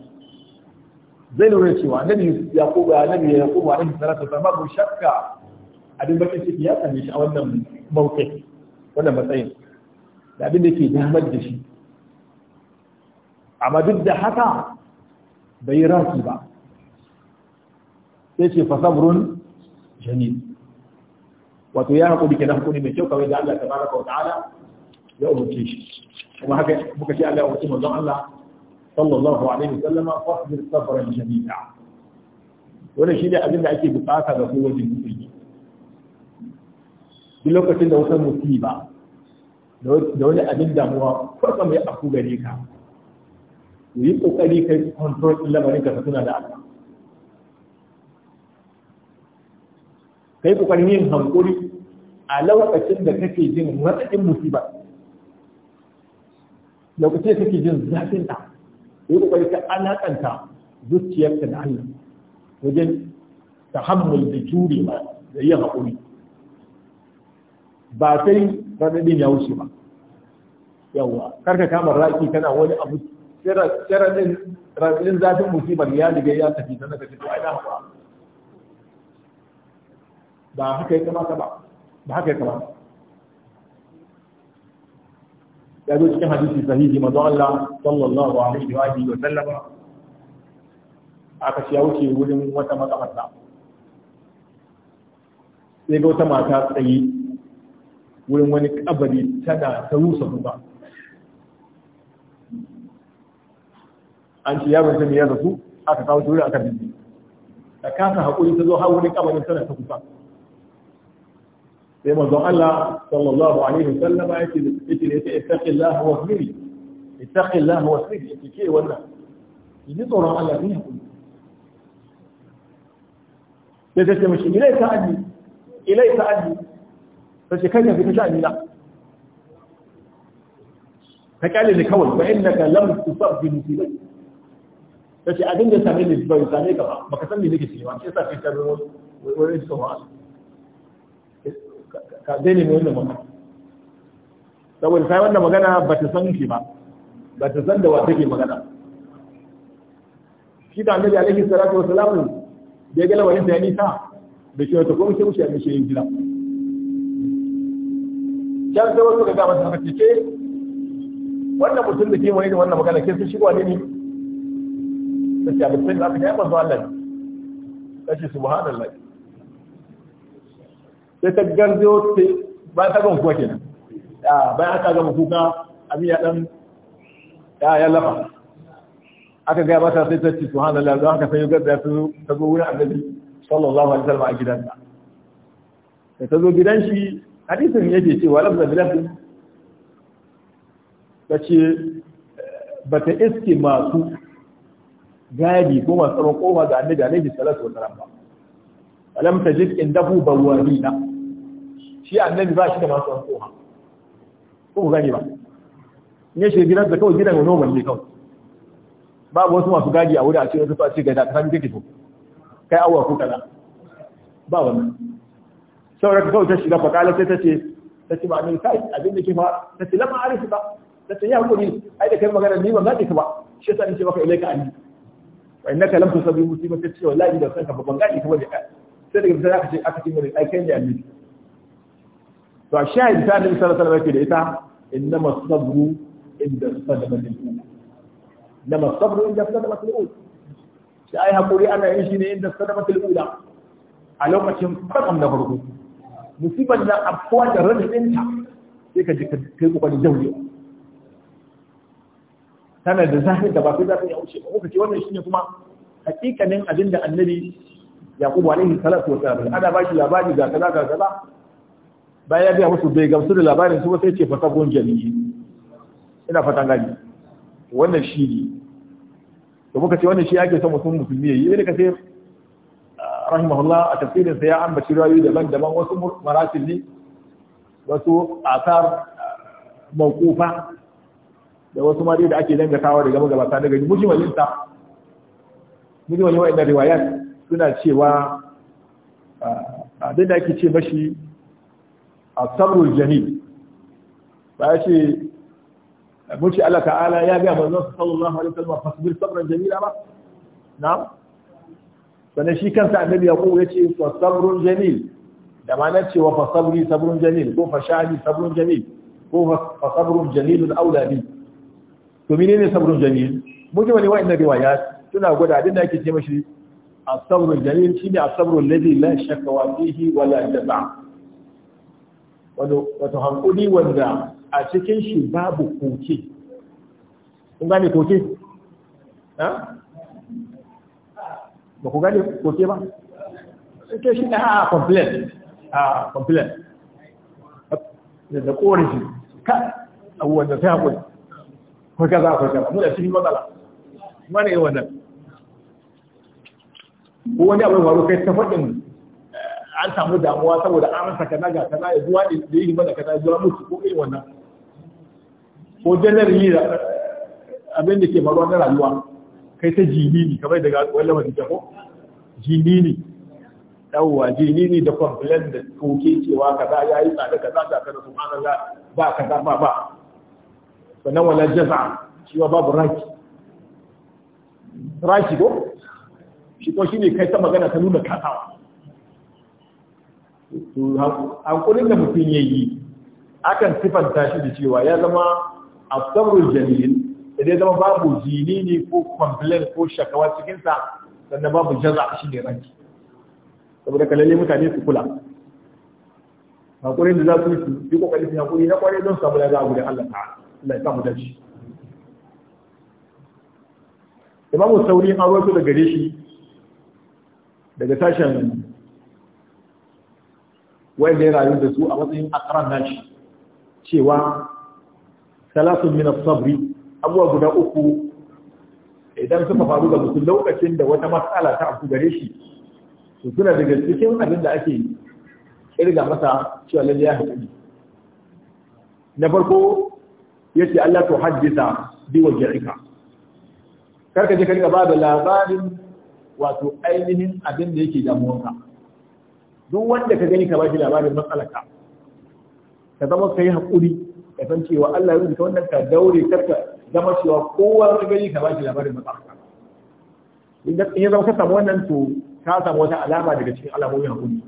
zai lura cewa annabi yaqubu annabi yaqubu alaihi salatu wasallam babu shakka abin bakin ciki ya same shi a wannan mawqi wannan matsayin da abin da yake da shi amma duk da haka bai rafi ba sai ce fasabrun jamil wato ya haƙuri kenan haƙuri mai kyau kawai da Allah ta tabaraka wa ta'ala ya umurce shi kuma haka muka ce Allah ya umurce manzon Allah sallallahu alaihi wasallam fasbir sabran jamila wannan shine abin da ake bukata ga kowace musulmi duk lokacin da wata musiba da wani abin damuwa farko mai afu gare ka yi kokari kai control din lamarin ka tuna da Allah kai kokarin yin hankuri a lokacin da kake jin matsakin musiba lokacin da kake jin zafin ta kai kokari ka alakanta zuciyarka da Allah wajen tahammul da jurewa da yin hakuri ba sai raɗaɗin ya wuce ba yawa karka kama raki kana wani abu sai raɗaɗin zafin musibar ya riga ya tafi sannan ka ce to ai ba haka ya kamata ba ba haka ya kamata ya zo cikin hadisi sahihi mazo Allah sallallahu alaihi wa alihi wa sallama aka ce ya wuce wurin wata matsamarsa sai ga wata mata tsaye wurin wani kabari tana ta rusa kuka an ce yaron ta ya rasu aka kawo shi wurin aka bibi da kasa haƙuri ta zo har wurin kabarin tana ta kusa. sai manzon Allah sallallahu alaihi wasallam ya ce yake ne sai ittaqillah wa sabri ittaqillah wa sabri yake ce wannan yi tsoron Allah ne sai ta ce mishi ilai ta'addi ilai ta'addi ta ce kan yafi ta sha'ani na ta kyale ne kawai ba inda ka lam tusab bi musibai ta ce abin da same ni bai same ka ba baka san me nake ciki ba sai sa kai ta wani wani tsoron Allah ka zai nemi wannan magana saboda sai wannan magana ba ta san shi ba ba ta san da wa take magana shi da annabi alaihi salatu wa salam da ga lawarin da ya nisa da shi ta kuma shi wuce a shi yin gida can sai wasu ga gaba ta ce ke wannan mutum da ke wani da wannan magana ke sun shigo ne ne ta ce abin sai da aka yi masu Allah ne ta subhanallah sai ta garzo ta bayan ta gama kuka kenan bayan aka gama kuka a miya dan ya lafa aka gaya mata sai ta ce subhanallah don haka sai garza ta zo wurin annabi sallallahu alaihi wasallam a gidansa da ta zo gidan shi hadisin yake cewa lafza bilafin ta ce ba ta iske masu gadi ko masu tsaron koma ga annabi alaihi salatu wasallam ba alam tajid indahu bawabina shi annabi ba shi da masu wankowa ko gani ba ne shi gidan da kawai gidan wani wani kawai babu wasu masu gadi a wuri a cikin wasu a cikin gada kan kake so kai awa ko kaza ba wannan saboda kawai ta shiga fakala sai ta ce ta ce ba annabi kai abin da ke fa ta ce lama arifi ba ta ce ya hakuri ai da kai magana ni ban za ka ba shi yasa ni ce maka ilaika annabi wa innaka lam tusabi ta ce wallahi da san ka, ba ban gadi ka ba da sai daga za ka ce aka ce mai ai kai ne فالشاهد الثاني صلى الله عليه وسلم إتا إنما الصبر عند الصدمة الأولى إنما الصبر عند الصدمة الأولى شايها قولي أنا إيشني عند الصدمة الأولى على ما شم فرقم نفرق مصيبة لا أبقوات الرجل إنها تلك تلك قد جولي كان الزهر دباكي ذاتي يوشي وقوك تيواني إيشني كما حقيقة نين أجند النبي يقوب عليه الصلاة والسلام أنا باشي يا باشي ذا كذا ذا ذا bayan ya gaya musu bai gamsu da labarin su sai ce fasabon jami'i ina fata gani wannan shi ne da muka ce wannan shi ake son musu musulmi ya yi ne ka sai rahimahullah a tafsirin sa ya ambaci rayu daban-daban wasu maratil ne wasu asar mawqufa da wasu mari da ake kawo daga magabata daga mujmalin ta mujmalin wa'annan riwayat suna cewa abin da ake ce mashi asrul jamil ba ya ce muci Allah ta'ala ya ga manzon sallallahu alaihi wasallam fasbir sabran jamila ba na'am sannan shi kansa annabi ya ya ce fa sabrun jamil da ma'anar cewa fa sabri sabrun jamil ko fa shani sabrun jamil ko fa sabrun jamilun aulabi to ne sabrun jamil muke wani wa'annan riwaya suna gwada abin da ake ce mashi as-sabrul jamil shine as-sabrul ladhi la shakka wa fihi wala jazaa wato hankuli wanda a cikin shi babu koke kun gane koke? ha? ba ku gane koke ba? ke shi na a complain a complain da shi ka a da ta haƙuri ko ka za a kwaka mu da cikin matsala mana yi wannan ko wani abin kai ta faɗin an samu damuwa saboda an rasa kaza ga kaza ya zuwa da yi mana kaza zuwa musu ko irin wannan ko janar yi abin da ke faruwa na rayuwa kai ta jini ne kamar daga wani mafi jinini? jini ne jini ne da kwamfilan da koke cewa kaza ya yi tsada kaza da kaza su ma'anala ba kaza ba ba sannan wala jaza shi ba babu raki raki ko shi ko shi ne kai ta magana ta nuna kasawa to hankulin da mutum ya yi akan sifanta shi da cewa ya zama a asabrul jamil idan zama babu jini ne ko complain ko shakawa cikinsa sannan babu jaza shi ne ranki saboda kalalle mutane su kula hakurin da za su yi yi kokari su hakuri na kwarai don samu lada gudan Allah ta Allah ya samu dace imamu sauri an rawaito da gare shi daga sashen. wanda ya rayu da su a matsayin akaran nashi cewa salasun min sabri abuwa guda uku idan suka faru da mutum lokacin da wata matsala ta abu gare shi to suna daga cikin abin da ake kirga masa cewa lalle ya haɗu. na farko yace Allah to haddisa bi waji'ika karka je ka riga ba da labarin wato ainihin abin da yake damuwanka duk wanda ka gani ka ba shi labarin matsalaka ka zama ka yi haƙuri ka san cewa Allah ya rubuta wannan ka daure karka zama cewa kowa ka gani ka ba shi labarin matsalaka in ya zama ka samu wannan to ka samu wata alama daga cikin alamomin haƙuri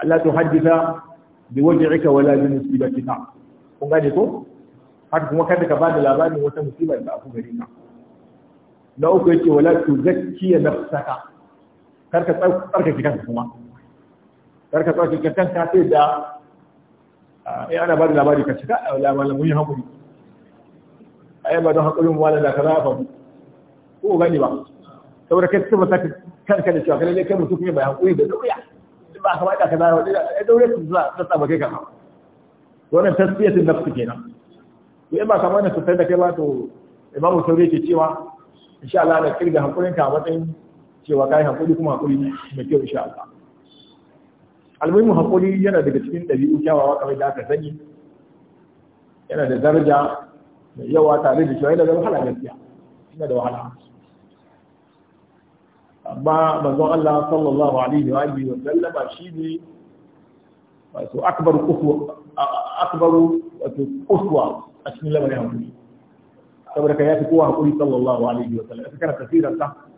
Allah to haddisa bi waj'ika wala bi musibatika kun gane ko har kuma kada ka da labarin wata musibar da aku gare ka na uku yake wala tu zakkiya nafsaka karka tsarkake kanka kuma karka tsarkake kanka sai da ya eh, ana ba da labari ka cika a labarin mun yi hakuri ai ba don hakurin wala da kaza fa ko gani ba saboda kai kuma ta kanka da cewa kai kai mutum ne bai hakuri da dauya ba ka ba da kaza wani ai daure su za ta tsaba kai kanka wannan tasfiyatin nafsi kenan to in ba kamar na sosai da kai ba to imamu sauri ke cewa insha Allah da kirga hakurinka a matsayin cewa kai hakuri kuma hakuri mai kyau insha Allah almuhimu hakuri yana daga cikin dabi'u kyawawa kamar da aka sani yana da daraja mai yawa tare da cewa yana da wahala gaskiya yana da wahala amma manzon Allah sallallahu alaihi wa alihi wa sallama shi ne wato akbar kuwa akbar wato kuwa a cikin lamarin hakuri saboda kai ya fi kowa hakuri sallallahu alaihi wa sallam kana tafsirar ta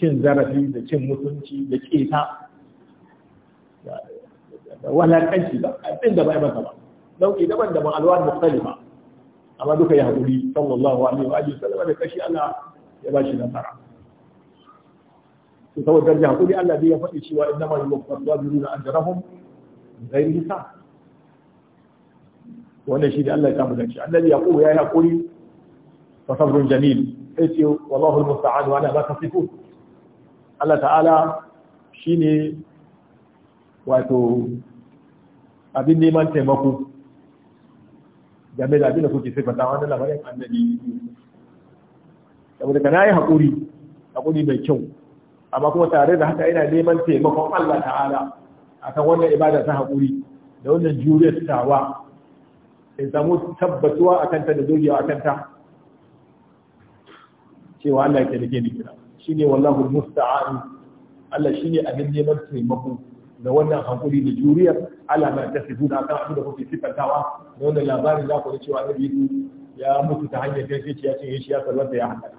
cin zarafi da cin mutunci da ƙeta da walakanci ba abin da ba ya masa ba nau'i daban-daban alwar mukhtalifa amma duka ya haƙuri sallallahu alaihi wa alihi sallama da kashi Allah ya ba shi nasara to saboda daraja haƙuri Allah bai ya faɗi cewa inna ma zuwa yuwaffas sabiruna ajrahum ghayr nisa wanda shi da Allah ya samu dace annabi yaqub ya yi haƙuri fa sabrun jamil sai ce wallahu almusta'an wa ana ka tasifun Allah ta'ala shi ne wato abin neman taimako game da abin da kuke fata wani labarin annabi saboda kana yi haƙuri haƙuri mai kyau amma kuma tare da haka yana neman taimakon Allah ta'ala akan wannan ibada ta haƙuri da wannan juriyar tawa in samu tabbatuwa akan ta da dogewa akan ta cewa Allah ya taimake ni kira ne wallahu musta'an Allah shi ne abin neman taimako da wannan hankuli da juriya alamar ta tasifu da kan abu da kuke sifantawa da wannan labarin za ku ji cewa biyu ya mutu ta hanyar kai ya ce shi ya salwanta ya hankala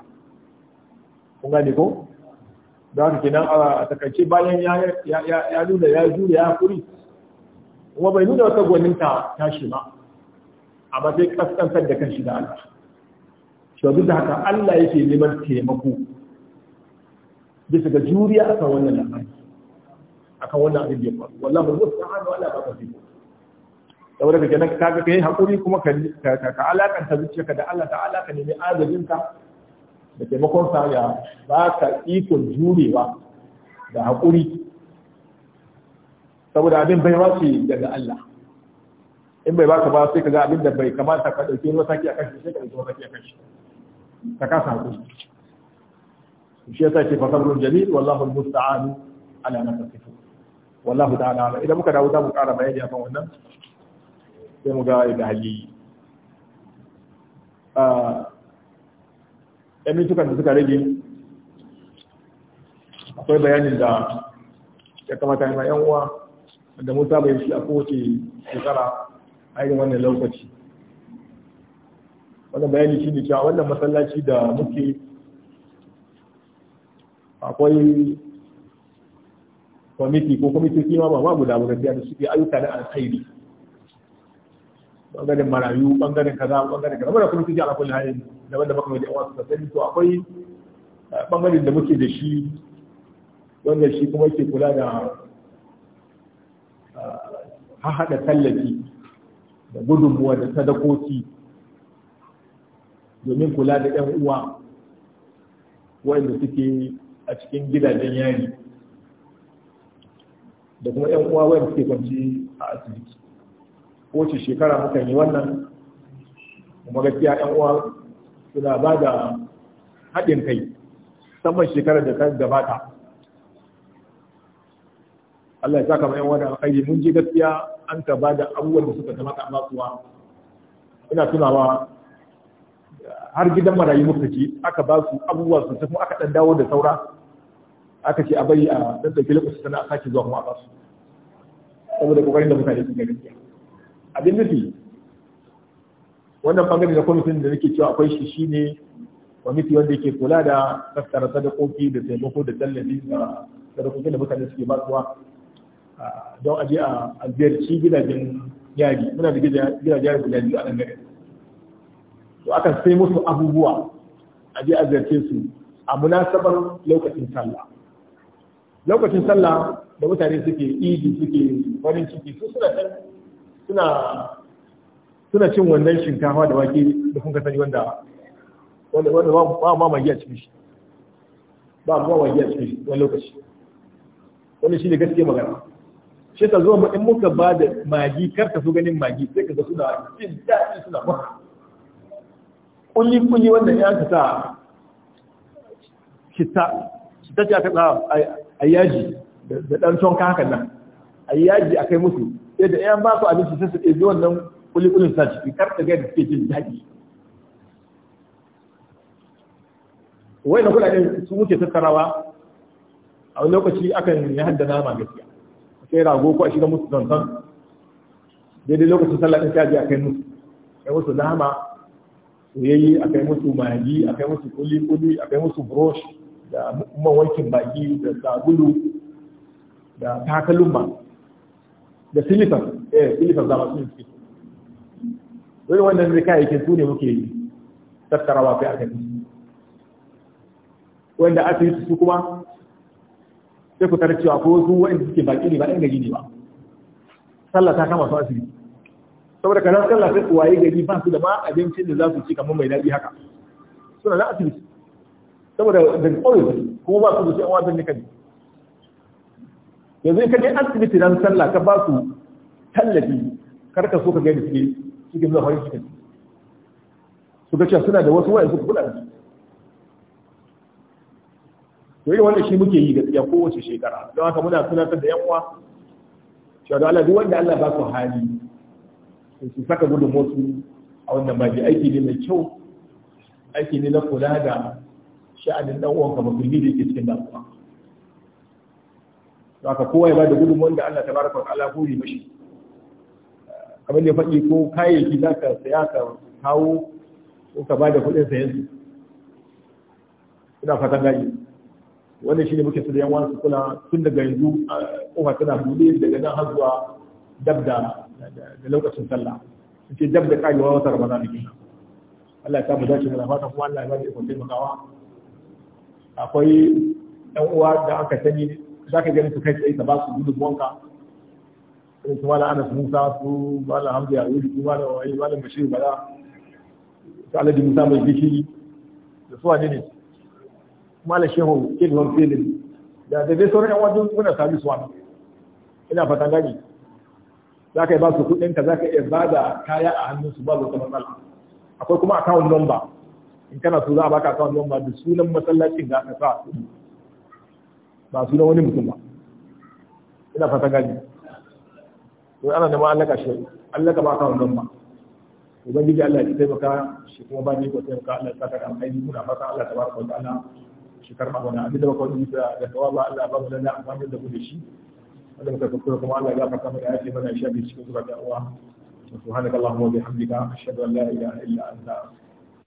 kun gane ko da haka kenan a takaice bayan ya nuna ya jure ya kuri kuma bai nuna wata gwanin ta tashi ba amma sai kaskantar da shi da Allah shi duk da haka Allah yake neman taimako bisa ga juriya akan wannan labari akan wannan abin da ya faru wallahi ba zai sa'ana wala ba ka fito saboda ka kenan ka ga kai hakuri kuma ka ka alakanta zuciyarka da Allah ta'ala ka nemi agajin ka da taimakon sa ya ba ka ikon jurewa da hakuri saboda abin bai wace daga Allah in bai baka ba sai ka ga abin da bai kamata ka dauke mataki a kashi sai ka dauke mataki a kashi ka kasa hakuri shi yasa ce fasarul jamil wallahu almusta'an ala ma tasifu wallahu ta'ala idan muka dawo za mu ƙara bayani akan wannan sai mu ga da hali yan ah, mintukan da suka rage akwai bayanin da ya kamata yana yan uwa da mun saba shi a kowace shekara a irin wannan lokaci wannan bayani shi ne cewa wannan masallaci da muke akwai kwamiti ko kwamitoci ma ba ma guda guda biya da suke ayyuka na alkhairi bangaren marayu bangaren kaza bangaren kaza mara kwamitoci ala kulli halin daban da makamai da yawa suka to akwai bangaren da muke da shi wanda shi kuma yake kula da haɗa tallafi da gudunmuwa da sadakoki domin kula da 'yan uwa wanda suke a cikin gidajen yari da kuma yan uwa wanda suke kwanci a asibiti kowace shekara muka yi wannan kuma gaskiya yan uwa suna ba da haɗin kai saman shekarar da ta gabata Allah ya saka mai wani aiki mun ji gaskiya an ka ba da abubuwan da suka kamata a basuwa ina tunawa har gidan marayu muka ci aka ba su abubuwa su kuma aka ɗan dawo da saura aka ce a bari a dan dauki lokaci sana a sake zuwa kuma a basu saboda kokarin da mutane suka gaske. abin nufi wannan bangare da kwamitin da nake cewa akwai shi shine kwamiti wanda yake kula da tattara sadakoki da taimako da tallafi da sadakoki da mutane suke basuwa don aje a albiyarci gidajen yari muna da gidajen yari guda biyu a nan gari to akan sai musu abubuwa aje a ziyarce su a munasabar lokacin sallah lokacin sallah da mutane suke idi suke farin ciki su suna suna suna cin wannan shinkafa da wake da kun sani wanda wanda wanda ba ma magi a cikin shi ba ma magi a cikin shi wani lokaci wani shi ne gaske magana shi ka zo in muka ba da magi kar ka so ganin magi sai ka ga suna jin daɗi suna maka kulli kulli wanda ya ka sa kita kita ce aka tsara Ayyaji da da ɗan ka hakan nan ayyaji akai a kai musu sai da yan ba su abinci sai su ɗebi wannan kulikulin sa ciki kar ta gaya da suke jin daɗi wai na kuɗaɗen su muke tattarawa a wani lokaci akan yi hadda nama gaskiya sai rago ko a shiga musu zantan daidai lokacin sallah ɗin sai a kai musu kai musu nama soyayye a kai musu magi a kai musu kuli kuli a kai musu brosh da mawakin baki da sabulu da takalumma da silifar eh silifar zama sun fi wani wannan zai kayayyakin su ne muke wa kai a kan wanda aka yi su kuma sai ku tarci cewa ko su wanda suke baki ne ba ɗan gari ne ba sallah ta kama su asiri saboda kana sallah sai su waye gari ba su da ma abincin da za su ci kamar mai daɗi haka suna na asibiti saboda daga ƙauye kuma ba su da shi an wajen ne kaji yanzu ka je asibiti don sallah ka ba su tallafi kar ka so ka gani da suke suke zuwa farin cikin su ga cewa suna da wasu wayan suka kula da su to irin wannan shi muke yi gaskiya kowace shekara don haka muna tunatar da yan uwa cewa da Allah duk wanda Allah ba su hali su saka gudun wasu a wannan baji aiki ne mai kyau aiki ne na kula da sha'anin dan uwanka musulmi ne ke cikin damuwa haka kowa ya bada gudun wanda Allah ta wa ta'ala hore mashi kamar da faɗi ko kayayyaki za ka saya ka kawo ko ka bada kuɗin sayan su ina fatan gani wannan shine muke su da yawan su kula tun daga yanzu kofa tana buɗe daga nan har zuwa dab da lokacin sallah suke dab da karewa wata ramadan ne Allah ya mu dace da fatan kuma Allah ya ba da ikon taimakawa akwai ɗan uwa da aka sani za ka gani su kai tsaye ta ba su gudu wanka irin su malam anas musa su mala hamza ya wuri su malam wani malam bashir bala su alhaji musa mai gishiri da su wane ne mala shehu kilwan filin da da dai sauran yan uwa muna sami su wani ina fata gani za ka yi ba su kuɗinka za ka iya ba da kaya a su ba zai matsala akwai kuma akawun number in kana so za a baka account number da sunan masallacin da aka sa ba sunan wani mutum ba ina fata gani to ana neman Allah ka shi Allah ka ba account number ubangiji Allah ya taimaka shi kuma ba ni ko taimaka Allah ya saka da alheri muna fata Allah ta baka wa ana shi karba wannan abin da baka wani bisa da tawaba Allah ba mu da amfani da ku da shi wanda muka kuskura kuma Allah ya fata mana yafi mana shafi cikin zuwa da uwa subhanakallahumma wa bihamdika ashhadu an la ilaha illa anta